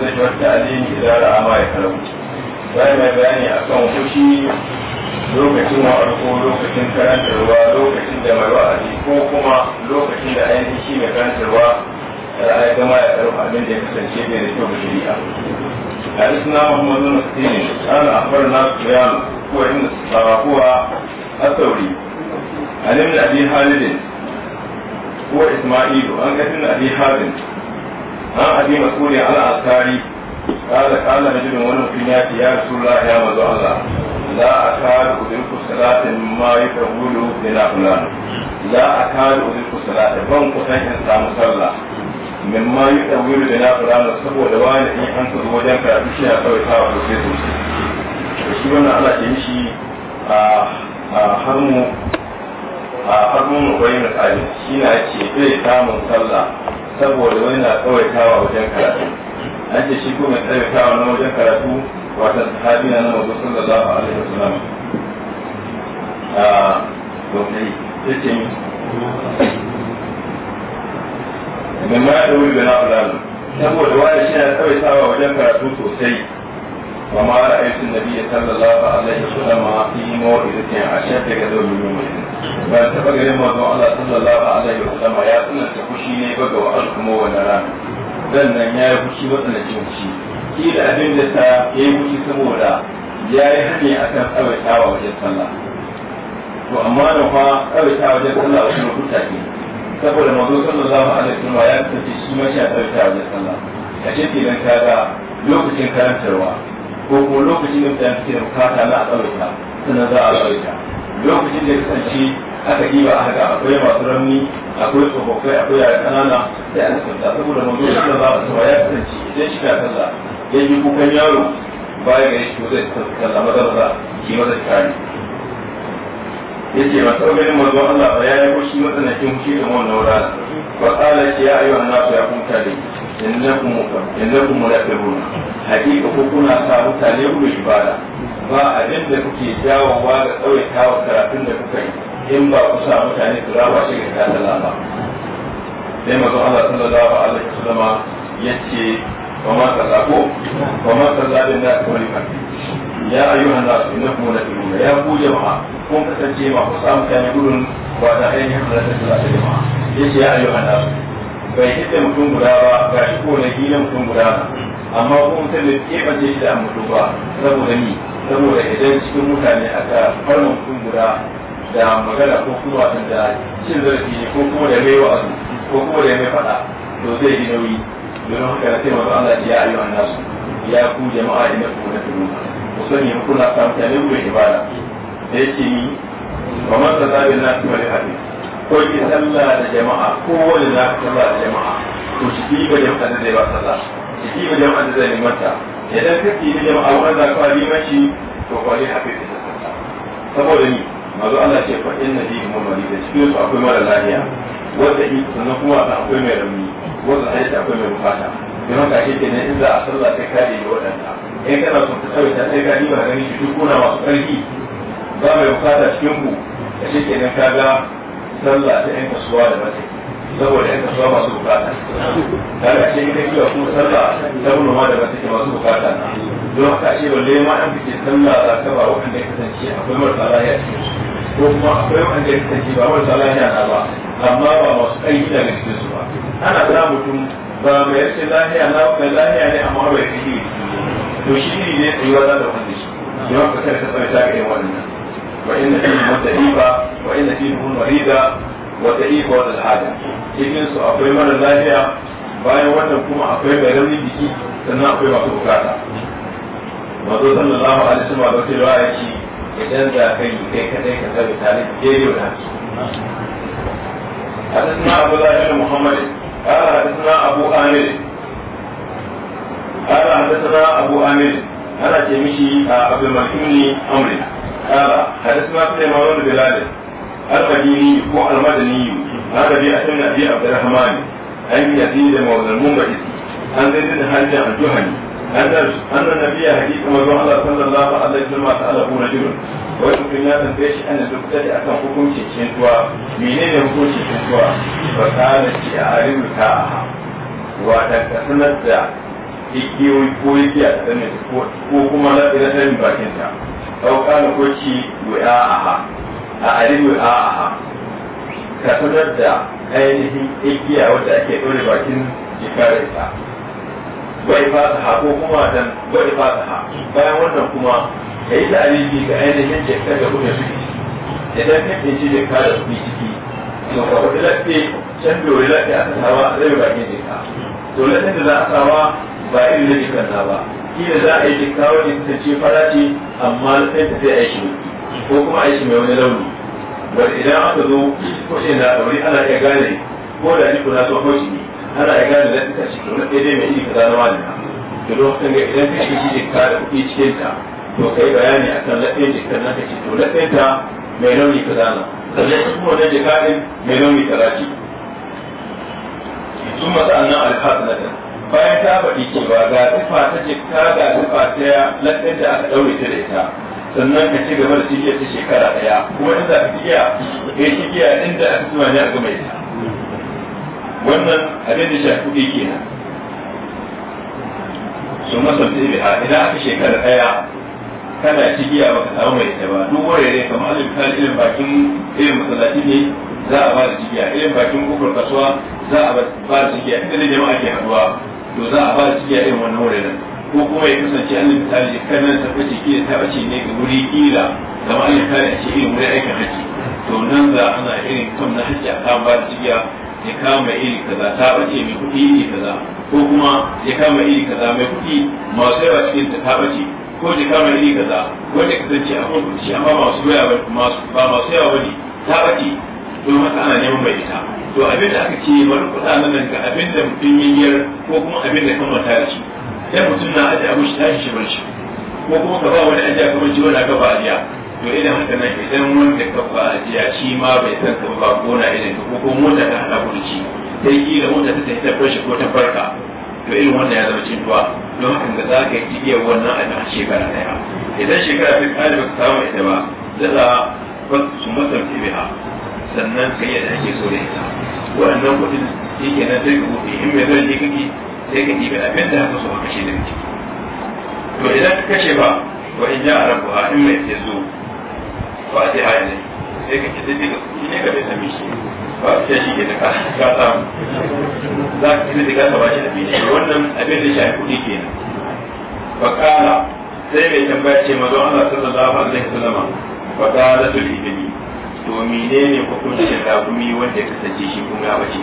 zai wata alini idan ra'a ma ya mai bayani akan fushi lokacin wa'arko lokacin karantarwa lokacin da mai wa'azi ko kuma lokacin da ainihin shi mai karantarwa eh, ya gama ya karfa abin da ya kasance bai da kyau da shari'a حدثنا محمد بن مسكين قال اخبرنا سفيان هو ابن هو الثوري عن ابن ابي خالد هو اسماعيل عن ابن ابي خالد an haɗe masu ne ala asari kala kala na jirin wani mutum ya ce ya rasu la ya mazu Allah la a kala ubin ku salatin ma yi kabulu da na kula a kala ubin ku salatin ban ku in samu sallah min ma yi kabulu da na saboda wani in an kuzo wajen karatu shi ya kawai kawo ko sai su da shi wannan ala ke shi a a har mu a har mu mu bayyana kai shi na ce bai eh, sallah saboda wani na tsawaitawa wajen karatu an ce shi kuma tsawaitawa na wajen karatu wata sahabi na nan wasu sallallahu alaihi wasallam a ah, gwamnati ta ce mi min ma da wuri bana fulani saboda wani shi na tsawaitawa wajen karatu sosai wa ma ra'aytu nabiyyi sallallahu alaihi wasallam fi a ashad ga dawmin mu'minin ba taɓa ganin manzon Allah sallallahu alaihi wa wasallam ya tsananta fushi ne ba ga wa'al kuma wannan rana dan nan ya yi fushi matsanacin fushi da abin da ta ya yi fushi saboda ya yi hani akan tsawaitawa wajen sallah to amma da fa tsawaitawa wajen sallah wasu lokuta ne saboda manzo sallallahu alaihi wasallam ya kasance shi ma shi tsawaitawa wajen sallah a ce ka ga lokacin karantarwa ko kuma lokacin da mutane suke bukata na a tsawaita sannan za a tsawaita lokacin da ya kasance aka yi a haka akwai masu rauni akwai tsofaffai akwai yara kanana da aka kasance saboda mazo da za a su ya kasance idan shi ka sanda ya yi kukan yaro baya gare shi ko zai sanda maza maza ki maza kare ya ce masu ganin mazo Allah ba ya yi ko shi matsanancin shi da wannan wurare ba tsala shi ya ayyuhan nasu ya kuma tare kuma mutum innakum munafiqun hakika ko kuna sa mutane ku ibada ba abin da kuke wa da tsawai kawo karatun da kuka yi in ba ku sa mutane ku ba shi ga kata lama sai mazo Allah sallallahu alaihi Ya ce ba ma sallako Ba ma sallalin da kuma kafi ya ayyuhan nas innakum da ya buje ma kun kasance ma ku sa mutane gudun ba da ainihin halatta da jama'a ma. ya ce ya ayyuhan su bai hidda mutum guda ba ga shi ko na hila mutum guda amma kuma mutum da ke bace shi da mutum ba saboda ni saboda idan cikin mutane aka farma mutum guda da magana ko kuma da cin zarafi ne ko kuma da mai wa'azu ko kuma da mai faɗa to zai yi nauyi don haka da sai mazu Allah ya ayyuka nasu ya ku jama'a inda ku na turu ku sani mu kuna ta tare ku ibada da yake ni ba man sallabi na kuma da hadis ko ki sallah da jama'a ko wani na sallah da jama'a to shi ba jama'a da zai ba sallah shi ba jama'a da zai mata idan ka ɗibi jama'a wanda za ka limanci to kwari hafi ta saboda ni mazu Allah ce fa inna bi mumari da cikin su akwai mara lafiya wanda yi sannan kuma ta akwai mai rauni wanda sai ta akwai mai bukata don haka shi ke nan in a sallah sai kare ɗibi waɗanda in kana son ka tsawaita ta sai ka ɗiba ganin shi duk kuna masu ƙarfi ba mai bukata cikin ku da shi ke nan ka sallah ta 'yan kasuwa da matsayi saboda yan kasuwa masu bukata kaga ce ita kiwa kuma sallah ta bunu ma da ba take masu bukata don haka ce balle ma an fice sallah za ka ba wanda ya kasance akwai marasa lafiya cikin ko kuma akwai wanda ya kasance ba marasa lafiya na ba amma ba masu ƙarfi daga cikin su ba ana za mutum ba mai rashin lafiya na ba mai lafiya ne amma bai fi yi to shi ne ne tsayuwa za ta wanda shi don haka kada ka tsaya ta ga yan wannan wa inna fi mutadiba wa inna fi mu'mida wata iba wani al'ada cikin su akwai mara lafiya bayan wannan kuma akwai mai rauni jiki sannan akwai masu bukata mazo sallallahu alaihi wasallam ba sai ya ci idan za kai kadai ka tsare tare da jeyo da حدثنا أبو الله محمد قال حدثنا أبو آمر قال حدثنا أبو آمر أنا جمشي عبد المكين أمري قال حدثنا سليمان بن بلال al-madini ko al-madani haka bi a sunna bi abdurrahman an yazid mawlan mumbaris an zaid bin hajja al-juhani أن أن النبي حديث ما قال صلى الله عليه وسلم تعالى هو رجل ويمكن أن تنتهي أن تبتدي أن حكم شيئا منين حكم شيئا فقال الشعاري متاعها وتكتسمت ذا igiyoyi ko yake a tsanin ko kuma na tsiratar bakinta ɗauka na ko ci ya a a alimu a aha ka fitar da ainihin igiya wadda ake ɗore bakin jikarar ta wai fasaha ko kuma dan bai fasaha bayan wannan kuma ka yi ta'alili ga ainihin jikar da kuka suke idan ka kinci jikka da suke ciki to ka wata lafiya can dore lafiya a kasawa zai ɗore bakin jikka to lafiya da za a sawa ba irin na jikan ba kila za a yi jikka wajen ta ce fara amma lafiya ta sai a yi shi ko kuma aiki mai wani launi bari idan aka zo kushin na ɗauri ana iya gane ko da jiko na tsohon shi ana iya gane da ita cikin kuma ɗaya mai iri kaza na wani don lokacin ga idan ka shi ke ka da kuɗi cikin ta to ka yi bayani a kan laɗin jikin nan ka ce to laɗin ta mai launi kaza na sannan shi kuma wannan jika ɗin mai launi kaza ce. Tun masa'annan alhasanatan bayan ta faɗi cewa ga tufa ta jikka ga tufa ta laɗin da aka ɗaure ta da ita sannan ka ci gaba da cigiya ta shekara daya kuma inda ka iya ka yi cigiya inda aka ci wani aka mai wannan abin da shafi kuɗi kenan su masanta biha idan aka shekara daya kana cikiya ba ka samu mai ta ba duk wurare kamar alif kan irin bakin irin masalaci ne za a ba da cikiya, irin bakin kofar kasuwa za a ba da cikiya, inda da jama'a ke haduwa to za a ba da cigiya irin wannan nan. ko kuma ya kasance an misali ta fashe ke ta tabbaci ne ga wuri kila zama an kare a ce irin wuri aikin haji to nan za a ana irin kan na haji a kan ba jiya ya kama iri kaza ta bace mai kuɗi iri kaza ko kuma ya kama iri kaza mai kuɗi masu yawa cikin ta ta bace ko ya kama iri kaza ko ya kasance a kan kuɗi amma masu yawa ba masu yawa bane ta bace don haka ana neman mai ita to abin da aka ce bari kuɗa nan ga abin da mutum yayyar ko kuma abin da kan mata da shi sai mutum na ajiya abu shi tashi shi barci ko kuma ka ba wani ajiya kamar ji wani gaba ajiya to idan haka nan idan wanda ka ba ajiya shi ma bai san ka ba ko na irin ko ko mota ta hana kurci sai kila mota ta tafi ta farshi ko ta farka to irin wanda ya zama cintuwa don haka ga za ka yi iya wannan a nan shekara daya idan shekara ta kare ba ka samu ita ba za a su masarci biha sannan ka yi da ake so da ita wannan kuɗin shi nan sai ka buɗe in mai zai je kake sai ka ɗibi abin da ya kusa maka shi daga ciki to idan ka kashe ba wa in ja arabu ha in mai sai zo ba sai ha ne sai ka ci daga kuɗi ne ka bai sami shi ba sai shi ke da ka samu za ka ci daga ka ba shi da bishi wannan abin da shafi kuɗi kenan fa kala sai mai tambaya ce mazo Allah sallallahu alaihi wasallam fa kala tul ibni to menene hukuncin rakumi wanda ya kasance shi kun ga bace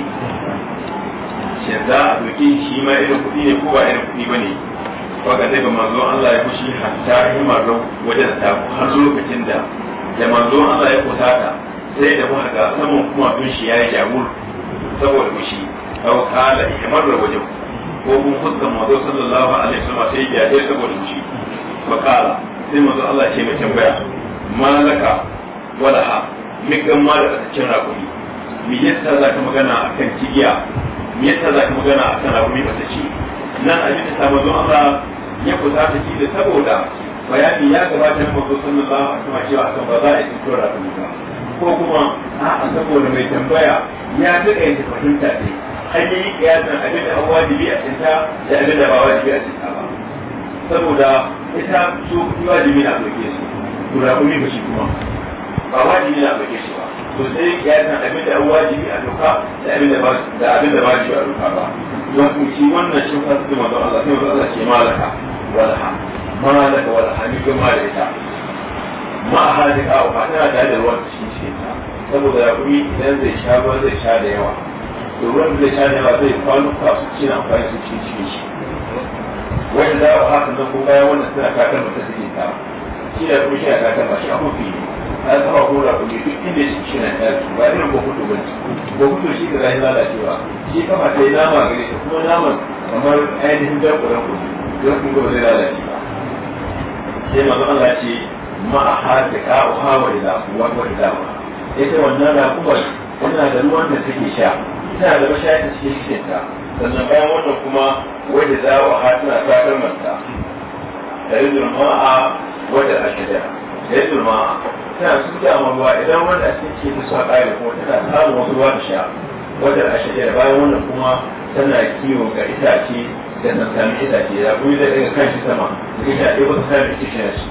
shin za a doke shi ma irin kuɗi ne ko ba irin kuɗi ba ne ba ka sai ba manzon Allah ya kushi hatta yi marau wajen ta har lokacin da da manzon Allah ya kusa ta sai da muka ga saman kuma tun shi ya yi jamur saboda kushi au kala ya marar wajen ko kun fuskan mazo sallallahu alaihi wasallam sai ya yi saboda kushi ba kala sai manzon Allah ce mai tambaya malaka ha mikan ma da cikin rakumi me yasa za ka magana akan cigiya me yasa za magana a kan abu mai ta ci nan abin da sabon Allah ya kusa ta ci da saboda bayani ya gabata ko sunna ba a kuma cewa kan ba za a yi tura da ba ko kuma a'a saboda mai tambaya ya duka yake fahimta ne hanyar yi kiyasan abin da abuwa da a cinta da abin da ba wajibi a cinta ba saboda ita su wajibi na doke su tura kuma ba shi kuma ba wajibi na doke su ba to sai ya san abin da an wajibi a doka da abin da ba da abin da ba a doka ba don ku ci wannan shi fa su manzo Allah sai manzo Allah ce malaka wal'aha malaka walha ni ga malaka ma hadi ka wa tana da da ruwan shi ce saboda ya kuma idan zai sha ba zai sha da yawa to ruwan zai sha da yawa zai kwano ka su ci na amfani su ci ci shi wanda za a haka nan ko bayan wannan suna kakar mutum suke ta kila ko shi ta ba shi ko fi an taba hura ku duk inda shi shi na ta ba irin ko kudu bane ko kudu shi da zai lalacewa shi kama ta yi nama gare ta kuma naman kamar ainihin da kuran ku don ku ba zai lalace ba sai manzo Allah ce ma a hada ka wa hawa da wa wa da wa ita wannan da kuma tana da ruwan da take sha Ina da mashayar ta cikin cikin ta sannan bayan wannan kuma wadda za a hatuna ta kalmanta ta yi zulma'a wadda a shida da yadda ma tana su da ruwa idan wanda sun ce ta sa ƙari kuma tana samun wasu ruwa da sha wadda a shida bayan wannan kuma tana kiwo ga itace da sami itace da kuma da daga kan shi sama da itace wasu sami ita shi na shi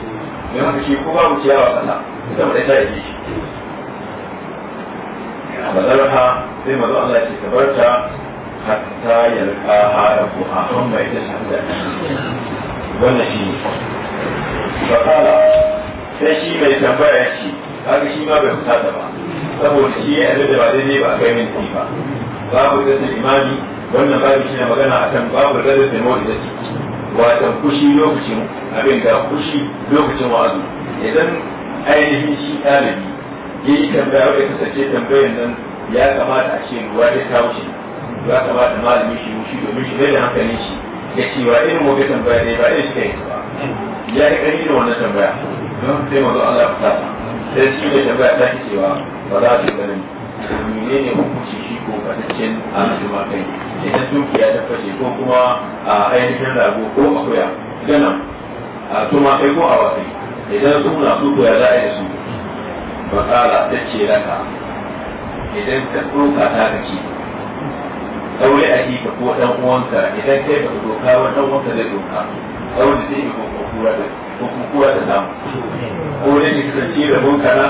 don haka shi ko babu ciyawa kasa ita mu ɗaya ta yi shi ha sai mazo Allah ce ka barta hatta ko a amma ita shi wannan shi fakala sai shi mai tambaya shi haka shi ma bai da ba saboda shi ya yi da ba daidai ba kai min ba babu da imani wannan babu shi na magana akan babu da da mawa da shi wata kushi lokacin abin da kushi lokacin wazu idan ainihin shi ɗalibi ya yi tambaya wadda kasance tambayan nan ya kamata a ce ruwa ya kawo shi ya kamata malamin shi mushi domin shi da hankalin shi ya ce wa irin mu tambaya ne ba ya shi kai ba ya yi ƙarfi da wannan tambaya don sai mazu Allah ya fata sai shi mai tambaya ta ki cewa ba za su gani mene ne hukunci shi ko fataccen a ma kai idan dukiya ta fashe ko kuma a ainihin rago ko akuya ganan a tuma kai ko a wasai idan suna su ko ya za a yi su ba ƙara ta ce raka idan ka ɗauka ta ka ce ɗaure a ka ko ɗan uwanka idan kai ba ka doka wa ɗan uwanka zai doka au da zai ko kokuwa da kokuwa da namu ko da ke kasance da bunka na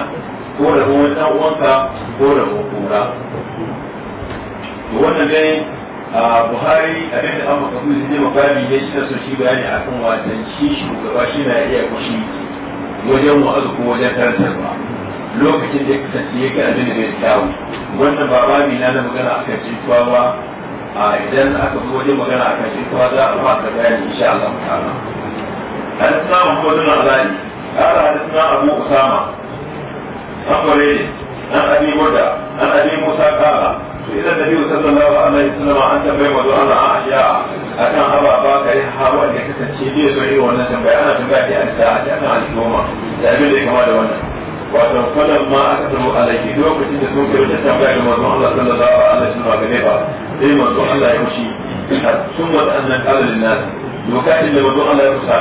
ko da wani dan ko da kokura wannan dai Buhari abin da an maka kuzi zai makami ne shi so shi bayani a kan wasan shi shugaba shi na iya kushi wajen wa'azu ko wajen karantarwa lokacin da ya kasance yake abin da bai kyawu wannan ba babi na na magana a kan ba a idan aka zo wajen magana kan shi kuma za a fara bayani insha Allah ta'ala hadisna mu ko dun alani ara hadisna abu usama akore dan abi goda dan abi musa biyu to idan nabi sallallahu alaihi wasallam an tambaye wa dun A ahya akan aba ba kai hawa ne kasance bi so yi wannan tambaya ana tambaya da an sa a kan al da abin da ya kama da wannan wato falan ma aka tabo alaiki lokacin da sun kai wata tambaya da mazan Allah sallallahu alaihi wasallam ga ne ba sai manzo Allah ya wuce sun wa annan qala lin nas lokacin da manzo Allah ya fusa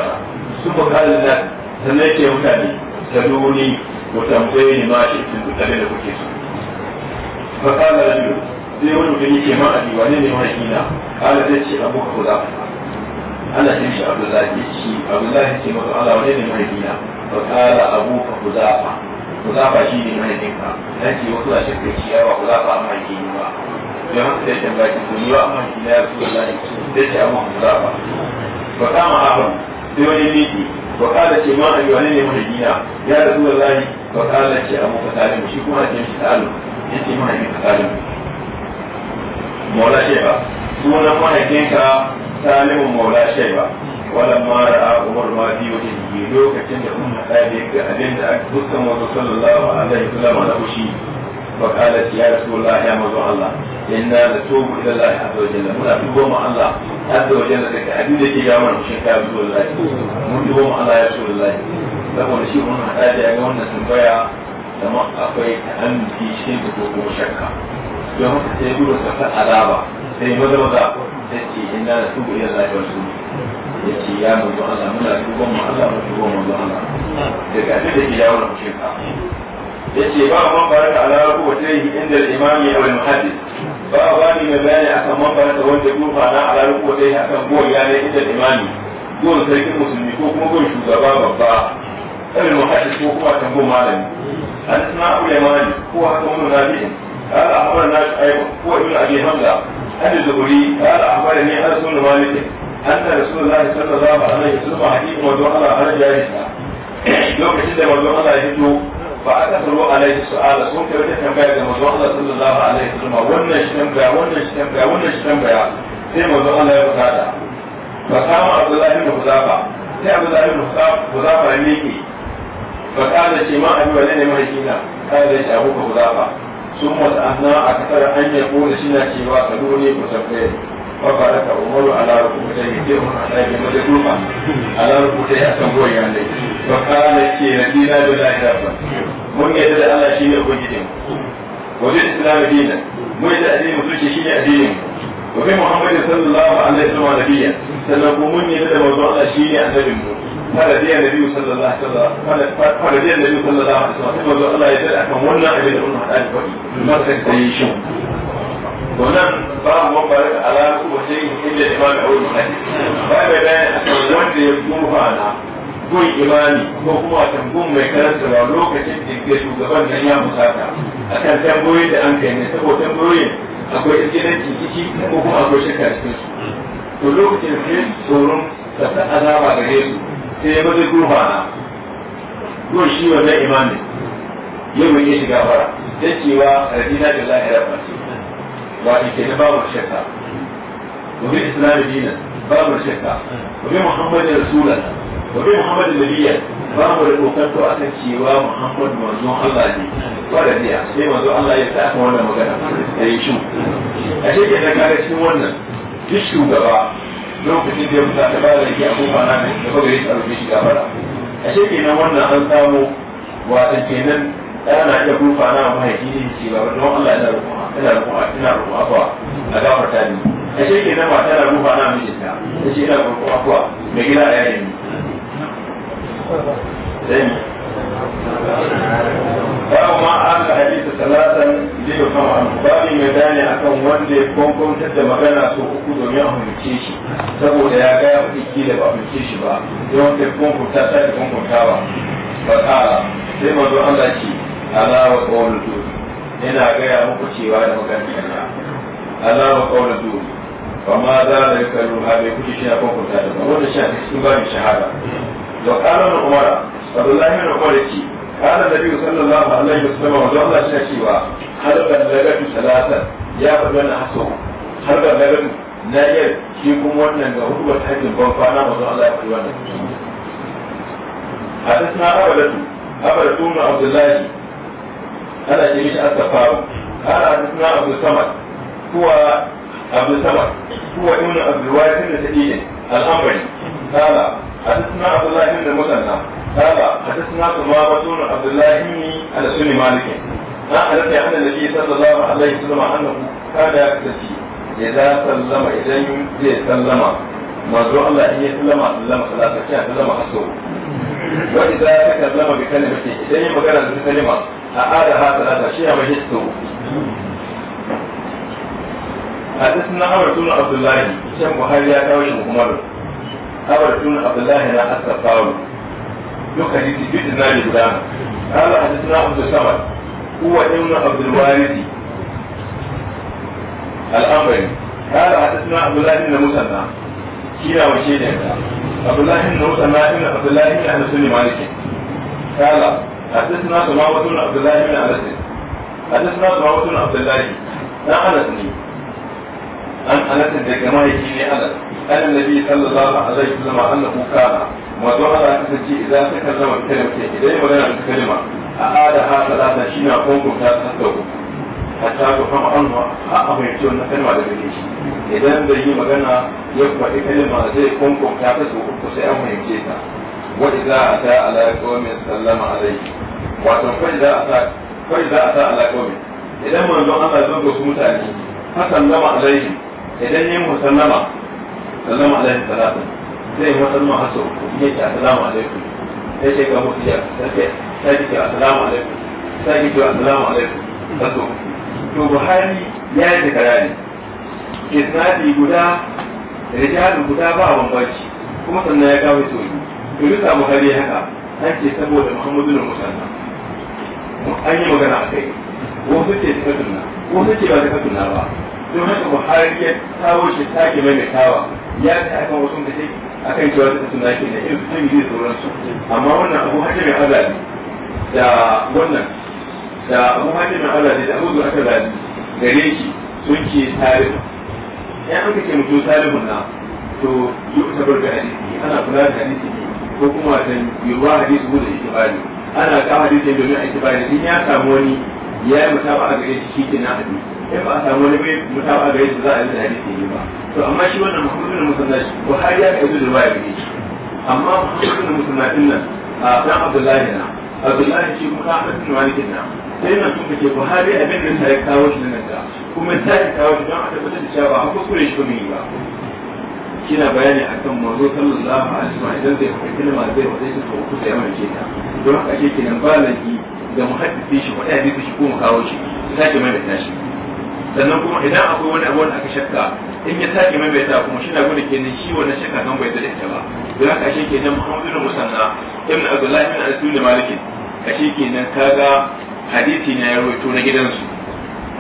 sun wa qala lin nas sannan yake mutane saduni ko tambaye ni ma shi tun da da kuke so fa qala rajul sai wani mutum yake ma a diwane ne wani ina qala sai ce abu kula ana cin shi abdullahi shi abdullahi ce manzo Allah wani ne wani ina fa qala abu kula kuzafa shi ne mahaifinka yanki wasu a shirka ciyawa kuzafa a mahaifinka da yawan sai shan baki ko ni ba amma shi na yasu da lai sai ce amma hamza ba ba kama abin sai wani miki ba kala ce ma ayyuwa ne mun gina ya rasu da lai ba kala ce amma ka talim shi kuma ce shi talim ya ce ma a yi ayyuka talim maula sheba sunan mahaifinka talimin maula sheba wannan ma ra'a umar ma biyu da lokacin da umma ta ga abin da aka fuskanta sallallahu alaihi wasallam na fushi فقالت يا رسول الله يا مزوع الله إنا نتوب إلى الله عز وجل من أتوب مع الله عز وجل لك أدود يا من شكا رسول الله نتوب مع الله يا رسول الله لقد شيء من حتاج أيوان سنبيع لما أقوي أن في شيء تتوب شكا يوم تقول سفا ألابا سيما دوزا تأتي إنا نتوب إلى الله ورسوله yace ya manzo Allah muna tuban mu Allah mu tuban mu Allah daga duk da ke yawo na shirka yace ba man baraka ala rukuwatayhi inda al-imami wal muhaddis ba ba ni mai bayani akan man baraka wanda gufa na ala rukuwatayhi akan goyon yana inda al-imami goyon sarkin musulmi ko kuma goyon shugaba babba ابن المحدث هو هو كان هو مالك هل اسمع اليماني هو هو نبي قال اخبرنا شعيب هو ابن ابي حمزه عن الزهري قال اخبرني انس بن مالك ان رسول الله صلى الله عليه وسلم حديث موضوع على على لو كنت موضوع على هدوء فأكثروا عليه سؤال سوك وجه تنبيه كما الله صلى الله عليه وسلم وانا شتنبيه وانا شتنبيه وانا wannan shi tambaya wannan shi tambaya wannan shi tambaya sai abu da da huzafa ya miƙe ba kada ce ma abu wale ne mai kina kada da shi abu ka huzafa sun wata anna a kasar an ko da shi na cewa ka dole ku tambaye wakala ta umaru ala rukuta yi ke mun ala yi mun zai kuma ala rukuta ya san goyi an dai wakala na ke na dina da na ya ba mun yi da ala shi ne goyi din goyi da islam dina mun yi da adini mutu ce shi ne adini wani muhammadin sallallahu alaihi wa sallam biya sannan kuma mun yi da mazu ala shi ne adabin mu fara biya na biyu sallallahu alaihi wa sallam fara biya na biyu sallallahu alaihi wa sallam sai mazu ala ya zai akan wannan abin da mun haɗa da kwaɗi wannan babu mambara ala alaƙu wa sai in illa imami a wurin hadis ba da bayan wanda ya gurfana gun imami ko kuma tambun mai karanta ba lokacin da ke shugaban nan ya musata akan tambayoyin da an kai ne saboda tambayoyin akwai iskilanci ciki ko kuma akwai shakka cikin su to lokacin sai tsoron da ta azaba gare su sai ya bada gurfana gun shi wannan imamin ya mai shiga fara da cewa radina da lahira ba ce وعلي كده باب الشكا وبإسلام دينا باب الشكا وبمحمد رسولا وبمحمد نبيا باب الوقت أتكي محمد مرزوم الله دي ولا دي أحسين مرزوم الله يتأكم وانا اي شو أشيك إذا كان يسمون وانا يشكو بقى lokacin da ya fita ta bada yake abubuwa na ne da kawai ya tsaro shi gabara a kenan wannan an samu wata kenan ɗaya na iya kufa na mahaifi ina roƙon ina roƙon abuwa a ta ni a ce ke nan mata na rufa na mijinta ta ce ina roƙon abuwa mai gida a yayin ni zai babu ma an ka hadisa talatan zai yi kama an babi mai gane kan wanda ya kwankwantar da magana so uku domin a hulce shi saboda ya gaya wa iki da ba hulce shi ba yawan kai kwankwanta ta da kwankwantawa ba ƙara sai mazo an ce ala wa ƙaunar ina gaya muku cewa da makarantar na Allah ba kawai da ba ma za da ya karu ha bai kuke shi na kwakwata da ba wanda shi a cikin ba mai shahada da ƙarar na umara abdullahi na kwada ce ƙarar da biyu sallallahu alaihi wa sallam wanda Allah shi cewa har ban lagatu salatan ya faɗi wani haso har ban lagatu na iya shi kuma wannan ga hukumar hajjin ban kwana wanda Allah ya faɗi wani حدثنا أبدا abadatu بن عبد Abdullahi. ana ce mishi asafaru ana hadisuna abu samad kuwa abu samad kuwa ibn abu wasin da sadidin al'ambari kala hadisuna abdullahi ibn musanna kala hadisuna sumama tunu abdullahi ibn al-sunni maliki na halatta ya hana nabi sallallahu alaihi wasallam annahu kada ya kasance idan sallama idan zai sallama manzo Allah in ya sallama sallama salata ya sallama hasso wa idza takallama bi kalimati idan magana da kalima a hada hada da shi a mahistin hadis na abar tuna abdullahi shan buhari ya kawo shi kuma da abar tuna abdullahi na asafawu duk hadisi bit na lidda kala hadis na abu sama kuwa ɗin na abdulwariji al'amari kala hadis na abdullahi na musanna shi na wace ne abdullahi na musanna ɗin abdullahi na hadisun ne kala حدثنا سماوة بن عبد الله بن أنس حدثنا سماوة بن عبد الله لا أنس عن أنس ده كما يجيني أنس أن النبي صلى الله عليه وسلم أنه كان وضع على كسجي إذا تكلم بكلمة إذا يبغينا بكلمة أعادها ثلاثة شينا قوم تاسسوه hatta ku kama an a abinci wannan kalma da gare shi idan bai yi magana ya faɗi kalma zai kunkunta ta su uku sai an fahimce ta wa idza ata ala qaumin sallama alayhi wato fa idza ata fa idza ata ala qaumin idan manzo Allah zo ga su mutane fa sallama alayhi idan yayin musallama sallama alayhi salatu zai yi musallama hasu yake assalamu alaikum sai ce ga mutu ya to Buhari ya yi takarari isnadi guda rijalu guda ba bambanci kuma sannan ya kawo soyi to duk abu kare haka ake saboda muhammadu na musanna an yi magana a kai wasu ce ta tunna wasu ce ba ta tunna ba don haka buhari ya kawo shi mai maimaitawa ya ta akan wasu da take akan cewa ta tunna ke da irin sun yi sauransu amma wannan abu hajji mai azali da wannan da abu hajji mai azali da abu zuwa azali gare shi sun ce tarihi ya an kace mutu tarihun na to yi ta barbe a hadisi ana kula da hadisi ko kuma watan yiwuwa hadisi mu da itibari ana kawo hadisi domin a itibari in ya samu wani ya yi mutaba a gare shi shi na hadisi in ba a samu wani mai mutaba a gare shi za a yi da hadisi ne ba to amma shi wannan muhammadu na musallaci buhari ya kai da waya gare shi amma muhammadu na musallacin nan a dan abdullahi na abdullahi shi kuma a ɗan malikin na sai na tuka kace buhari abin da ta ya kawo shi nan da kuma ta ya kawo shi don a tabbatar da cewa ba a kuskure shi ba mai yi ba yana bayani akan mazo sallallahu alaihi wa idan zai faɗi kalma zai faɗi shi to ku sai ce ta don haka ake kenan balagi da muhaddisi shi wanda hadisi shi ko mu kawo shi sake mai da shi sannan kuma idan akwai wani abu wanda aka shakka in ya sake mai ta kuma shi na gudu kenan shi wanda shakka kan bai da ita ba don haka shi kenan muhammadu musanna ibn abdullahi ibn al-sunni malikin ashe kenan kaga hadisi ne ya rawaito na gidansu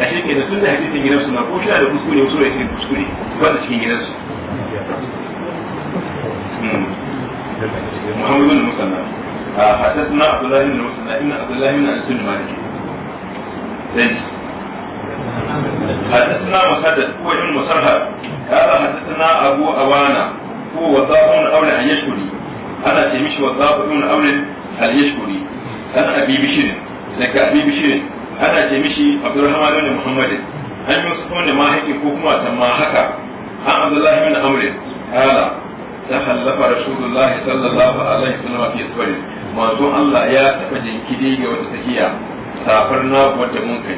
ashe kenan sun da hadisin gidansu na ko shi da kuskure wasu da cikin kuskure ba da cikin gidansu محمد بن مسنى حدثنا عبد الله بن مسنى ان عبد الله بن انس بن مالك حدثنا مسدد هو ابن مسرهد قال حدثنا ابو اوانا هو وثاق من اولى ان يشكري انا تمشي وثاق من اولى ان يشكري انا ابي بشير لك ابي بشير ana ce mishi abdurrahman bin muhammadin an yi wasu wanda ma haƙi ko kuma ta ma haka عن عبد الله بن عمرو قال تخلف رسول الله صلى الله عليه وسلم في سفر manzon Allah ya taɓa jinkiri ga wata tafiya safar na wadda mun kai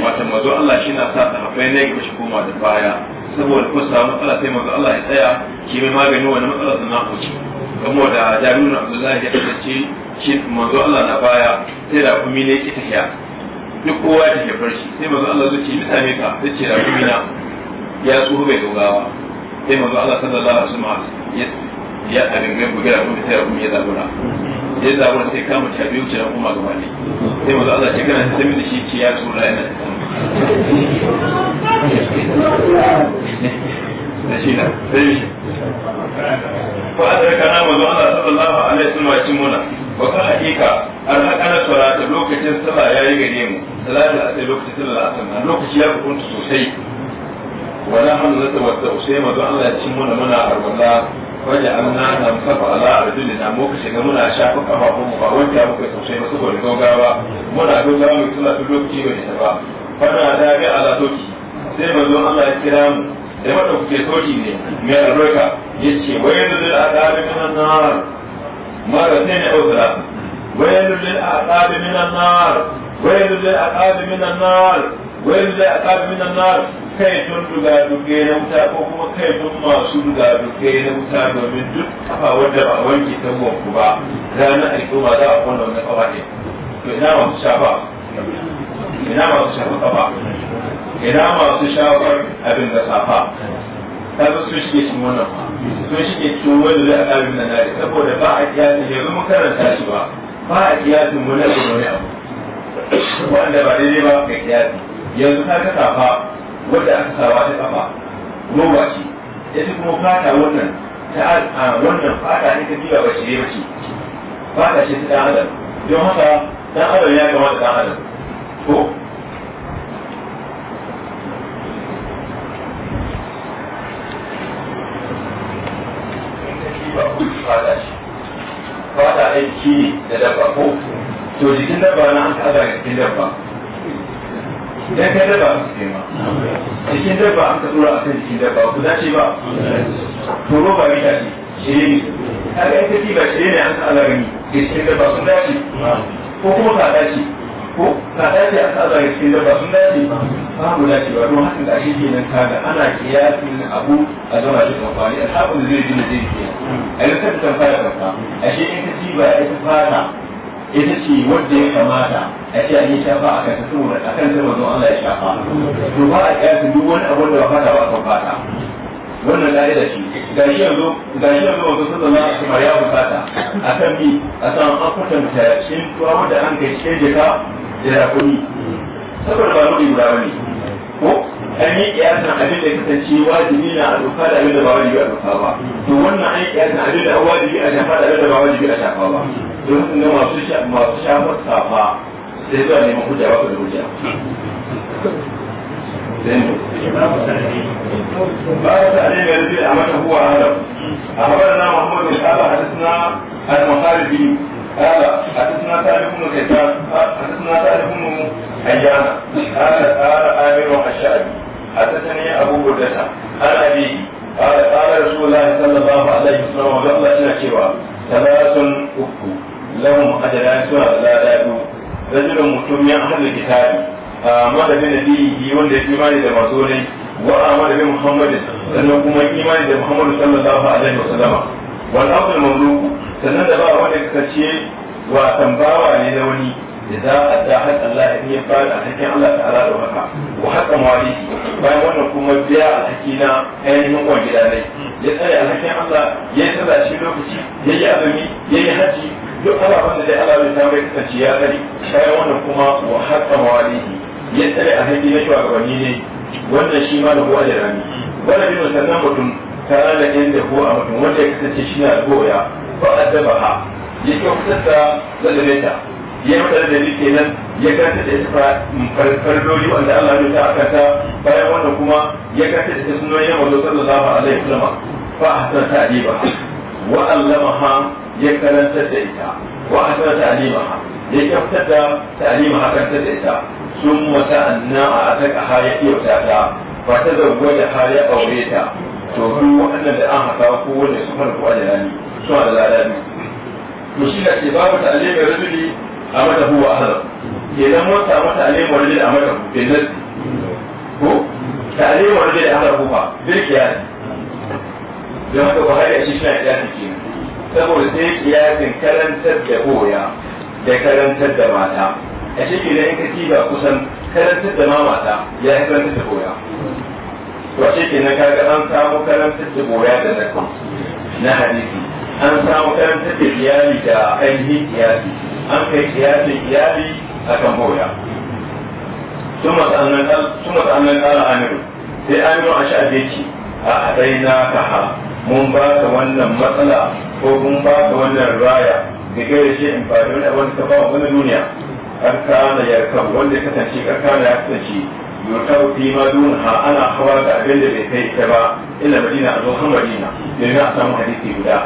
wata manzon Allah shi na sa sahabbai ne ga shi koma da baya saboda ko samu matsala sai manzon Allah ya tsaya ki mai magani wani matsala da Abdullahi ya shi Allah na baya sai da kuma ne ki tafiya duk kowa ya tafi farshi sai manzon Allah zai ce mutane ka sai ce da kuma na ya tsuhu bai dogawa sai manzo Allah sallallahu alaihi wasallam ya bugira ko ya zabura ya zabura sai kama ta biyu ce kuma gaba ne sai manzo Allah ya kana sai mini shi ce ya yana da shi na sai shi a lokacin ya sosai wala mun zata wata usai mazu Allah ya cin muna muna arwala wajen an na nan safa ala arjuli na muka shiga muna shafa kafafun mu ba wanda muka sosai ba saboda gaugawa muna gaugawa mu tuna su lokaci ba ne ba fara da ga ala toki sai mazu Allah ya kira mu da wanda kuke toki ne mai albarka yace wayan lil adabi minan nar mara sai ne auzura wayan lil adabi minan nar wayan lil adabi minan nar wayan lil adabi minan nar kai don duke na wuta ko kuma kai don masu dugadugai na wuta domin duk kafa wanda ba wanke ta mu ba ranar al'umma za a kona wani kafa ne to ina masu shafa ina masu shafa kafa ina masu shafar abin da safa kaga sun shige cikin wannan ba sun ke cikin wanda zai aka na nan saboda ba a kiyasin yanzu mu karanta shi ba ba a kiyasin ne wani abu wanda ba daidai ba ka kiyasi yanzu ka ka safa wadda aka sawa da kafa roba ce ita kuma fata wannan ta wannan fata ne ta biya ba ba bace fata ce ta dan adam don haka dan adam ya kama da dan adam to fata ce fata aiki da dabba ko to jikin dabba na an ka ga jikin dabba idan kai dabba su kai ma cikin dabba an ka dora akan jikin dabba ku dace ba to roba ne ta ce shirye ne kaga in kaci ba shirye ne an ka ala gani da jikin dabba sun dace ko kuma ka dace ko ka dace an ka ala gani jikin dabba sun dace babu dace ba don haka da shi ke nan kaga ana kiyasin abu a zama shi kamfani a sabon da zai ji da zai ke a yi kan kamfani a shi in kaci ba ya ta fata ita ce wadda ya kamata a ce an shafa a kan saboda a kan sai mazan Allah ya shafa to ba a kiyasa duk wani abu da ba fata ba kan fata wannan da ce gashi shi yanzu ga shi yanzu wasu sun zama a kamar ya bukata a kan bi a san an kwatanta cikin tuwa wanda an kai cikin jika da rakuni saboda ba nuni guda ba ne ko an yi kiyasan abin da ya kasance wajibi na a doka da abin da ba wajibi a doka ba to wannan an yi kiyasan abin da wajibi a shafa da abin da ba wajibi a shafa ba don haka ne masu masu shafar safa sai zuwa neman hujja ba su da hujja بعد تعليم يزيد عمله هو عالم أخبرنا محمود بن حدثنا المخالفين قال حدثنا سعد بن كيسان حدثنا سعد بن حيان قال قال عامر الشعبي حدثني ابو بردة عن ابيه قال قال رسول الله صلى الله عليه وسلم وقبل ان شوى ثلاث اكو لهم اجران سنة لا دابو رجل متم يعمل الكتاب آمن بنبيه ولا إيمان برسوله وآمن بمحمد لأنه كما إيمان بمحمد صلى الله عليه وسلم والأرض المملوك sannan da ba wanda ka ce wa tambawa ne na wani da za a da har Allah ya yi fara a cikin Allah ta ala da wata wa haka mawali bayan wannan kuma biya a cikin na ainihin uwan gida ne ya tsaya a cikin Allah ya yi tsada shi lokaci ya yi azumi ya yi haji duk ababen da dai Allah bai ta mai kasance ya tsare bayan wannan kuma wa haka mawali ya tsaya a cikin na shugabanni ne wannan shi ma da kowa da rami wannan bin sannan mutum tare da inda ko a mutum wanda ya kasance shi na goya فأدبها يكون حتى لدبيتا يمتى لدبي كينا يكرت الإسفاء فردولي وأن الله يتعى كتا فلا يوانا كما يكرت الإسنوية والله صلى الله عليه وسلم فأحسن تأديبها وألمها يكرت الإسفاء وأحسن تأديبها يكرت تأديبها كرت الإسفاء ثم سألنا أعتقها يكيوتاتا فتزوجها يأوريتا to duk waɗannan da an haka ko wanda su farko a jalani suna da lada biyu to shi na ce babu ta'alim ya rajuli a mata huwa ahalar kenan mota a mata alim wa rajuli a mata hu bin nasi ko ta'alim wa rajuli a halar huwa bil kiyasi don haka ba har yashi shi na kiyasi kenan saboda sai kiyasin karantar da goya da karantar da mata a cikin da yanka tiba kusan karantar da mamata ya yi karantar da goya to a cikin na kaga an samu karantar da goya da zakon na hadisi an samu ɗan da iyali da ainihin iyali an kai iyalin iyali a kan boya sun annan ƙara amiru sai amiru a sha'abe ce a adai na kaha mun ba ka wannan matsala ko mun ba ka wannan raya da gare shi in da wani abin ba wani duniya karkana ya kan wanda ya kasance karkana ya kasance yau fi ma dun ha ana hawa da abin da bai kai ta ba ina madina a zo kan madina domin a samu hadisi guda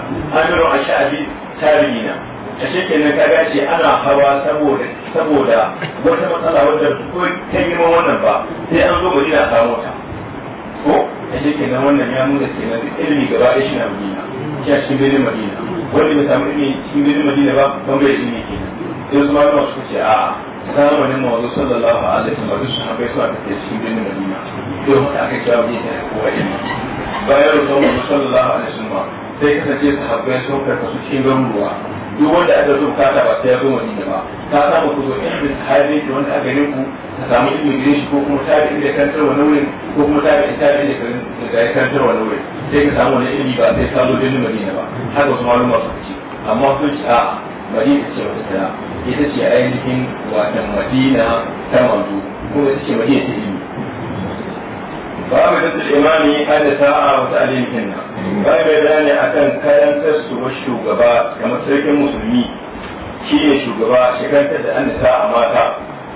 amiru a sha'abi tabi'ina a shekin nan kaga ce ana hawa saboda saboda wata matsala wadda ko ta yi ma wannan ba sai an zo madina a samu ta ko a shekin wannan ya nuna kenan ilimi gaba ɗaya shi na madina shi a cikin birnin madina wanda bai samu ilimi cikin birnin madina ba ban bai ilimi kenan sai su ma suka ce a'a zamanin mawazo sallallahu alaihi wa sallam sahabbai aka kai cikin birnin Madina don haka aka kira wani kowa bayan sallallahu alaihi wa sallam sai sun cikin duk wanda aka zo kata ba sai ya zo ba ta samu ku zo ilimin wanda aka ku ta samu shi ko kuma ta inda ko kuma ta da ya sai ka samu wani ba sai ka zo ba haka su malum ci amma sun ci a ce wata ita ce ainihin watan madina ta manzo kuma ita ce madina ta ilimi babu da imami hada sa'a wata ta'alim hinna bai bai bayani akan kayan su wa shugaba da masarkin musulmi shi ne shugaba shi karantar da an sa'a mata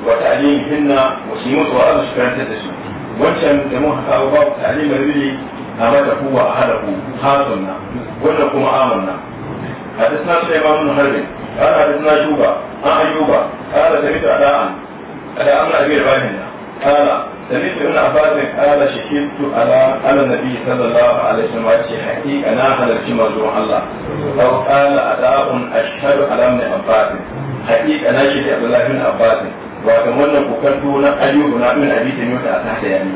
wata ta'alim hinna wa shi musu wa su karantar da su wancan da mun haka babu ta'alim rili a mata kuwa a halaku hasunna wannan kuma amanna hadisna sulaiman bin harbin قال حدثنا شوبة عن أيوب قال سمعت أداء أداء من أبي الراهن قال سمعت ابن عباس قال شهدت على على النبي صلى الله عليه وسلم حقيقة أنا على الجمع الله أو قال أداء أشهد على ابن عباس حقيقة أنا شهد عبد الله بن عباس wato wannan kokarto na ayyuka na min abi da yota a tahta yani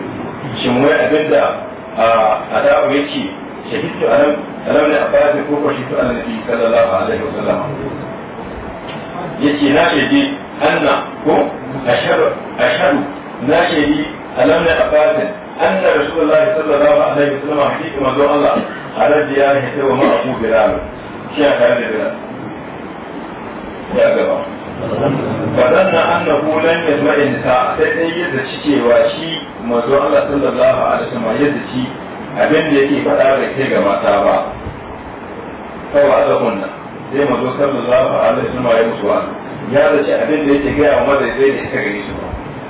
shin wai abinda a da'u yake shahidu alam alam ne abbas ko ko shahidu annabi sallallahu alaihi wasallam yace na shaidi anna ko a shaɗu na shaidi alam na abatin anna rasulullahi sallallahu alaihi wasallam hakiki manzo Allah alladhi ya hita wa ma'ahu bilal shi aka da bilal ya gaba fadanna annahu lan yasma'i ta sai dai yadda shi cewa shi manzo Allah sallallahu alaihi wasallam yadda ci abin da yake faɗa da ke ga mata ba kawai azabun nan zai mazo sallallahu alaihi wasallam ya musu wa'azi ya ce abin da yake gaya wa mazai zai da ita gari su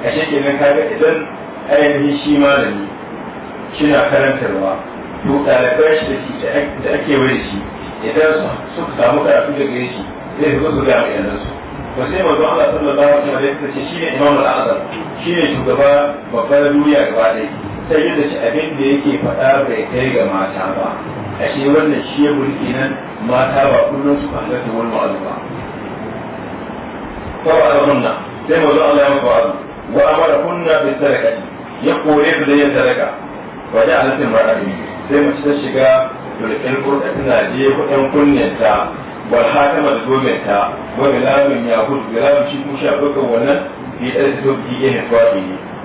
a ke nan kaga idan ainihin shi malami na karantarwa to ɗalibai shi da ake wani shi idan suka samu karatu da gari shi zai zo su ga iyalansu ba sai mazo Allah za a wasallam ya ce shi ne imam al shi ne shugaba babbar duniya gaba ɗaya sai yadda shi abin da yake faɗa bai kai ga mata ba ashe wannan shi ya burki nan mata ba kullum su halatta wani wa'azi ba ko a kunna sai mu zo Allah ya wa'azi wa amara kunna bi ya kore da yin sadaka wa sai mu ta shiga dulkil kurda tana je kunyanta wal hatama da gomenta wa bilamin yahud bilamin shi kuma wannan fi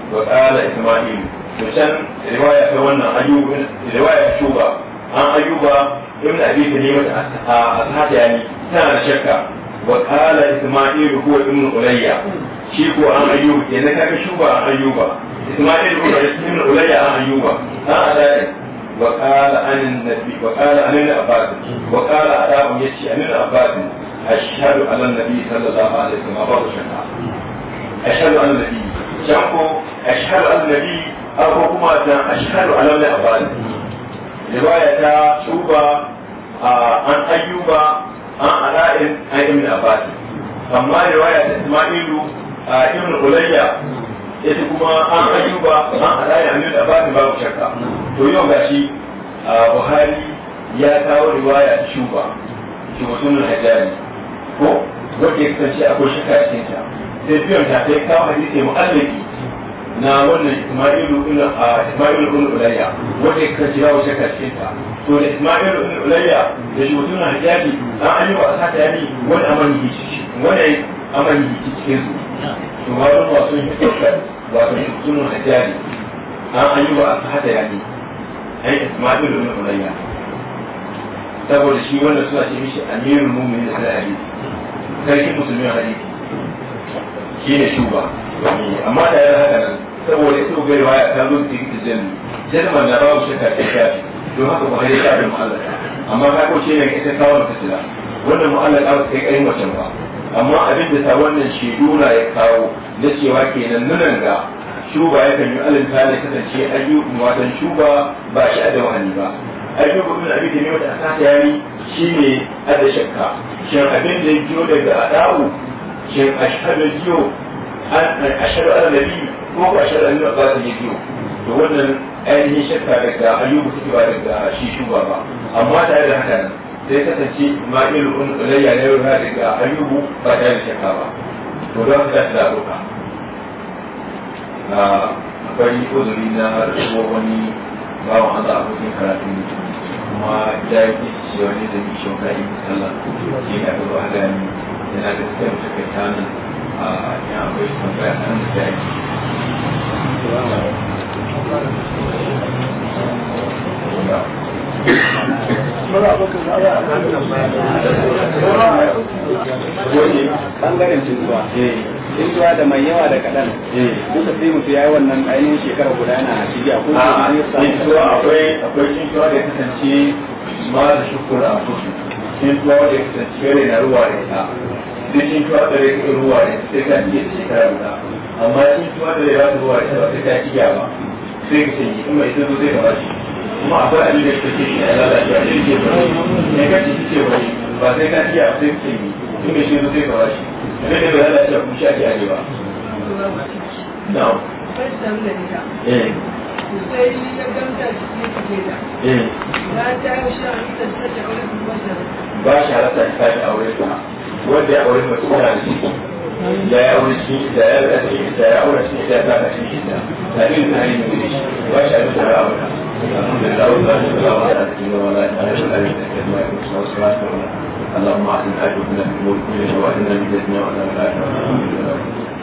wa isma'il to can riwaya ta wannan ayyuba riwaya shuba an ayyuba ibn abi tamimat al-hadani tana da shakka wa isma'il huwa ibn ulayya shi an ayyuba kenan kaga shuba an ayyuba isma'il huwa ibn ulayya an ayyuba an adai wa qala an nabi wa qala an al-abbas wa qala ada'u yace an al-abbas ashhadu ala an-nabi sallallahu alaihi wasallam ba shakka ashhadu ala an riwaya ta shuba an ayyuba an ala'in an yi ibn abbas amma riwaya ta isma'ilu ibn ulayya yace kuma an ayyuba an ala'in an yi ibn abbas babu shakka to yau gashi buhari ya kawo riwaya ta shuba ki mutumin hajjari ko wanda ya kasance akwai shakka cikin ta sai biyan ta sai kawo hadisi mu'allaki na wannan Ismailu ibn Ismailu ibn Ulayya wanda ka jira wace ka cikin ta to da Ismailu ibn Ulayya da shi mutum na hijabi an an yi wa asa ta yi wani amani yi ciki wani amani yi cikin su to ma don wasu yi fuskar wasu yi mutum na hijabi an an yi wa asa ta yi an yi Ismailu ibn Ulayya saboda shi wanda suna ce mishi amirul mu'minin da hadisi sarkin musulmi hadisi shi ne shuba amma da ya haka nan saboda ita ga riwaya ta zo ta yake jan jalman na babu shakka ta shafi don haka ba ya shafi mu'allaka amma ka kauce ne ita kawar ta sila wannan mu'allaka ba kai kai wacan ba amma abin da ta wannan sheduna ya kawo na cewa kenan nunan ga shuba ya kan yi alinta ne kasance ayyukan watan shuba ba shi a da wani ba ayyukan kudin abin da ne wata aka yari shi ne a da shakka shin abin da ya jiyo daga a adawu shin da jiyo ashhadu ala nabiyyi kuma ba shi rayuwar ba su ta biyu. Da wannan ainihin shakka daga ayyubu suke ba daga shi shuba ba amma tare da haka nan sai kasance ma'ilu un ulayya na yau daga ayyubu ba tare da shakka ba to don haka ta zaɓuka akwai uzuri na rasuwa wani bawan Allah abokin karatu ne kuma ya yi ce wani da bi shi wani yin sallah ke na da zuwa hada ne yana da suke mutu kai tanin a yan akwai sun ga an da ya ɓangaren cintuwa cintuwa da mai yawa da kaɗan duka sai mutu ya yi wannan ainihin shekara guda na cibiya ko kuma ne cintuwa akwai akwai cintuwa da ya kasance ma da shukura a kusa cintuwa da ya kasance kare na ruwa da ita duk cintuwa da ya ruwa da ita sai kan iya shekara guda amma shi kuma da ya ba ruwa ita ba sai ta kiya ba sai ka canji in mai zo sai ka kuma akwai abin da ce shi a lalace a cikin ke ne ka ci ce ba sai ka kiya sai ka canji in mai zo sai ka ba shi abin da bai a kuma shi ake eh. eh. ba ta shi a rikin ta ba shi halatta ta ta aure ta wanda ya aure mace ta da shi داء الاسمين لا الاسمين داء لا داء الاسمين لا الاسمين داء لا واشهد ان لا لا الا الله اللهم اعطنا اجرنا في الملك وعلمنا بدتنا وعلى الاخره